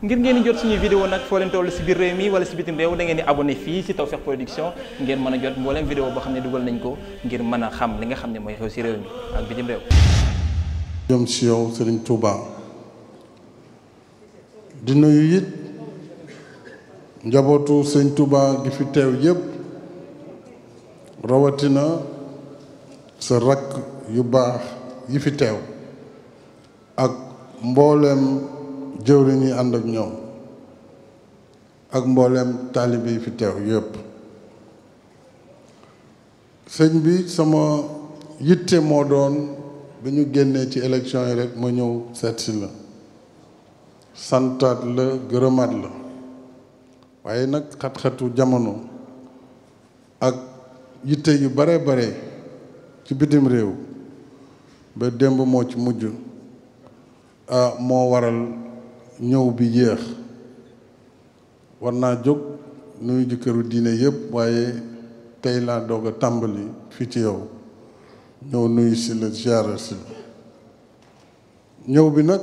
ngir ngeen di jot suñuy vidéo nag foo leen toll si biir réew mi wala si bitim réew da ngeen di abonné fii si Tawfekh Production ngeen mën a jot mbooleem vidéo boo xam ne dugal nañ ko ngir mën a xam li nga xam ne mooy xew si réew mi ak bitim réew yow Serigne Touba di nuyu it njabootu Serigne Touba fi teew yëpp rawatina sa yu baax yi fi teew ak mbooleem jëwriñ yi ànd ak ñoom ak mboolem taalibe yi fi teew yépp sëñ bi sama yitte moo doon bi ñu génnee ci élection yi rekk ma ñëw seet si la santaat la gërëmaat la waaye nag xat-xatu jamono ak yitte yu bare bare ci bitim réew ba démb moo ci mujj ah, moo waral ñëw bi jeex war naa jóg nuyu ji këru diine yëpp waaye tey laa doog tàmbali fii ci yow ñëw nuyu si la ziyaara si ñëw bi nag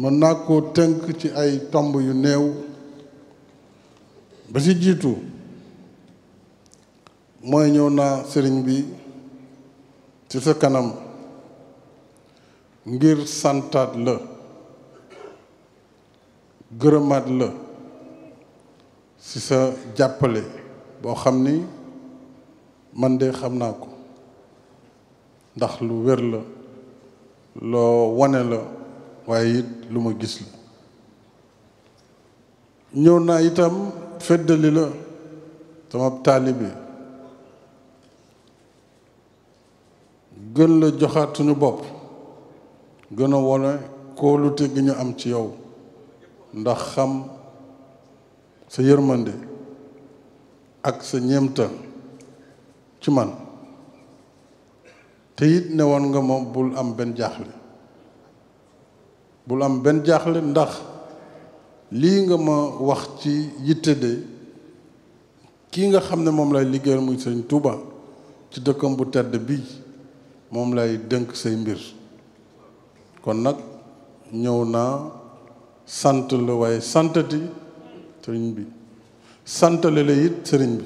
mën naa koo tënk ci ay tomb yu néew ba ci jiitu mooy ñëw naa sëriñ bi ci sa kanam ngir santaat la gërëmaat la ci sa jàppale boo xam ni man de xam naa ko ndax lu wér la loo wane la waaye it lu ma gis la ñëw naa itam feddali la sama taalibe gën la joxaat suñu bopp gën a wone kóolute gi ñu am ci yow ndax xam sa yërmande ak sa ñeemta ci man te ne woon nga moom bul am benn jaaxle bul am benn jaaxle ndax lii nga ma wax ci yitte de kii nga xam ne moom lay liggéeyal muy sëñ tuba ci dëkkam bu tedd bii moom lay dënk say mbir kon nag ñëw naa sant la waaye santati sëriñ bi santale la it sëriñ bi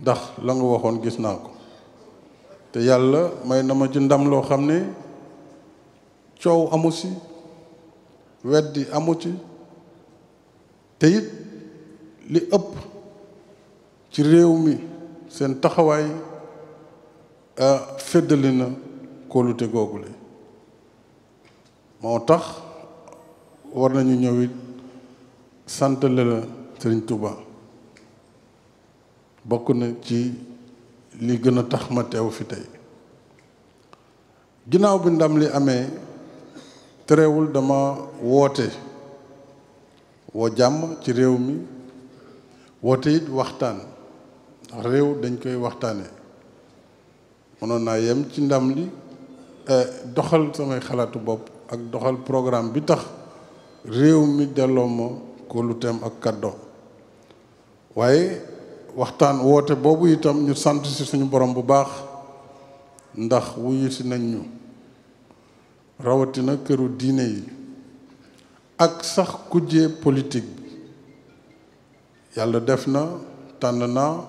ndax la waxoon gis naa ko te yàlla may na ma ci ndam loo xam ne coow amu ci weddi amu ci te it li ëpp ci réew mi seen taxawaay euh, feddali na kóolute googule moo tax war nañu ñëw it sant la la bokk na ci li gën a tax ma teew fi tey ginnaaw bi ndam li amee terewul dama woote woo jàmm ci réew mi woote it waxtaan ndax réew dañ koy waxtaanee mënoon naa yem ci ndam li eh, doxal samay xalaatu bopp ak doxal programme bi tax réew mi delloo ma kóoluteem ak kàddoom waaye waxtaan woote boobu itam ñu sant ci suñu borom bu baax ndax wuyu si nañ ñu rawatina këru diine yi ak sax kujjee politik bi yàlla def na tànn naa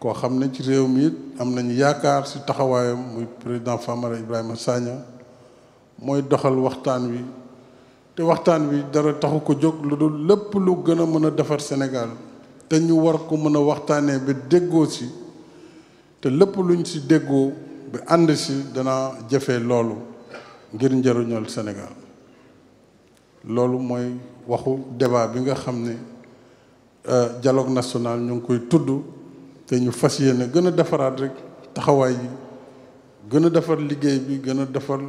koo xam ne ci réew mi it am nañu yaakaar ci taxawaayam muy président Famara Ibrahima Sagna mooy doxal waxtaan wi te waxtaan wi dara taxu ko jóg lu dul lépp lu gën a mën a defar Sénégal te ñu war ko mën a waxtaanee ba déggoo si te lépp luñ si déggoo bi ànd si danaa jëfe loolu ngir njëriñal Sénégal loolu mooy waxu débat bi nga xam ne euh, dialogue national ñu ngi koy tudd te ñu fas yéene gën a defaraat rek taxawaay yi gën a defar liggéey bi gën a defar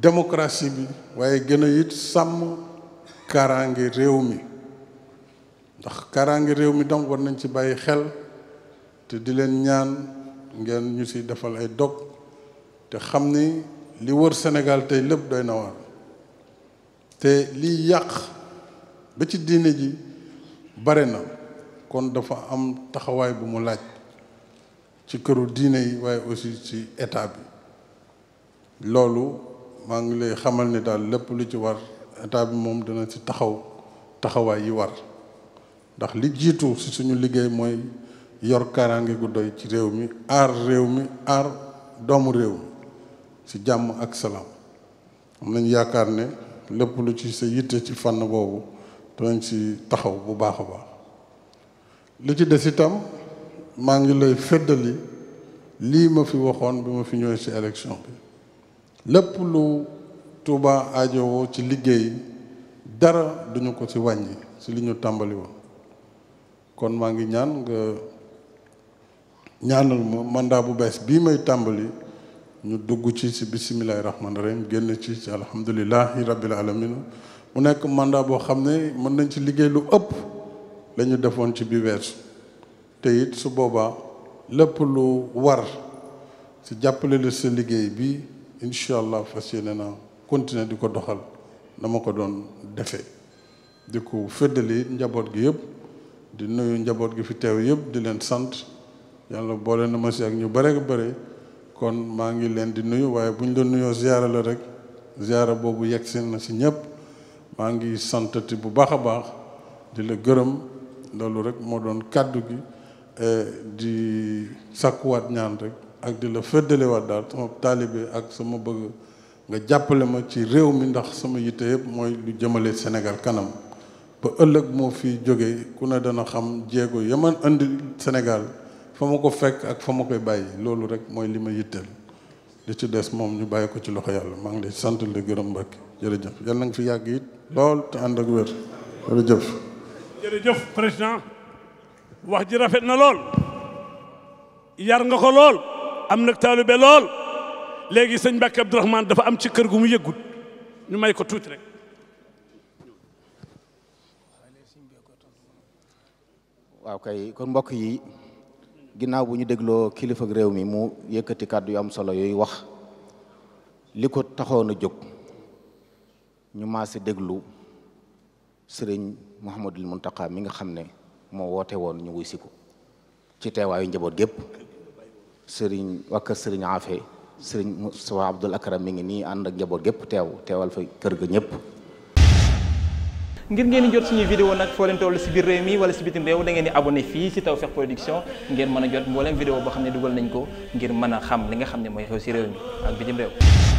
démocratie bi waaye gën a it sàmm kaaraange réew mi ndax kaaraange réew mi donc war nañ ci bàyyi xel te di leen ñaan ngeen ñu ci defal ay dog te xam ni li wër Sénégal tey lépp doy na waar te liy yàq ba ci diine ji bare na kon dafa am taxawaay bu mu laaj ci këru diine yi waaye aussi ci état bi loolu maa ngi lay xamal ni daal lépp lu ci war état bi moom dana ci taxaw taxawaay yi war ndax li jiitu ci suñu liggéey mooy yor kaaraange gu doy ci réew mi aar réew mi aar doomu réew mi ci jàmm ak salaam am nañ yaakaar ne lépp lu ci sa yitte ci fànn boobu danañ ci taxaw bu baax a li ci des itam maa ngi lay feddali lii ma fi waxoon bi ma fi ñëwee ci élection bi lépp lu tuuba ajowoo ci liggéey dara duñu ko ci wàññi ci li ñu tàmbali woon kon maa ngi ñaan nga ñaanal ma mandat bu bees bii may tàmbali ñu dugg ci ci bisimilahi rahmaani rahim génn ci ci alhamdulilahi rabbil alamina mu nekk mandat boo xam ne mën nañ ci liggéey lu ëpp lañu defoon ci bi weesu te it su boobaa lépp lu war ci jàppale la sa liggéey bi incha allah fas yéene naa continuer di ko doxal na ma ko doon defe di ko fëddali njaboot gi yëpp di nuyu njaboot gi fi teew yëpp di leen sant yàlla boole na ma si ak ñu bare bare kon maa ngi leen di nuyu waaye bu ñu la nuyoo ziyaara la rek ziyaara boobu yegg si na si ñëpp maa ngi santati bu baax a baax di la gërëm loolu rek moo doon kàddu gi eh, di sàkkuwaat ñaan rek ak di la féddalewaat daal sama taalibe ak sama bëgg nga jàppale ma ci réew mi ndax sama yitte yëpp mooy lu jëmale Sénégal kanam ba ëllëg moo fi jóge ku ne dana xam jéego ya indi Sénégal fa ma ko fekk ak fa ma koy bàyyi loolu rek mooy li ma yitteel li ci des moom ñu bàyyi ko ci loxo yàlla maa ngi lay sant la gërëm Mbacke jërëjëf yàlla na nga fi yàgg it lool te ànd ak wér jërëjëf. jërëjëf président wax ji rafet na lool yar nga ko lool. am nag taalube lool léegi sëñ Mbàkke Abdourahmane dafa am ci kër gu mu yëggut ñu may ko tuuti rek waaw kay kon mbokk yi ginnaaw bu ñu dégloo kilifa réew mi mu yëkkati kàddu yu am solo yooyu wax li ko taxoon a jóg ñu maase déglu sëriñ Mouhamadul Muntaqa mi nga xam ne moo woote woon ñu wuy si ko ci teewaayu njaboot gépp sëriñ waa kër sëriñ Afe sëriñ Moustapha Abdoul Akram mi ngi nii ànd ak njaboot gépp teew teewal fa kër ga ñëpp. ngir ngeen di jot suñuy vidéo nag foo leen toll si biir réew mi wala si bitim réew da ngeen di fii si Tawfekh Production ngeen mën a jot mbooleem vidéo boo xam ne dugal nañ ko ngir mën a xam li nga xam ne mooy xew si réew mi ak bitim réew.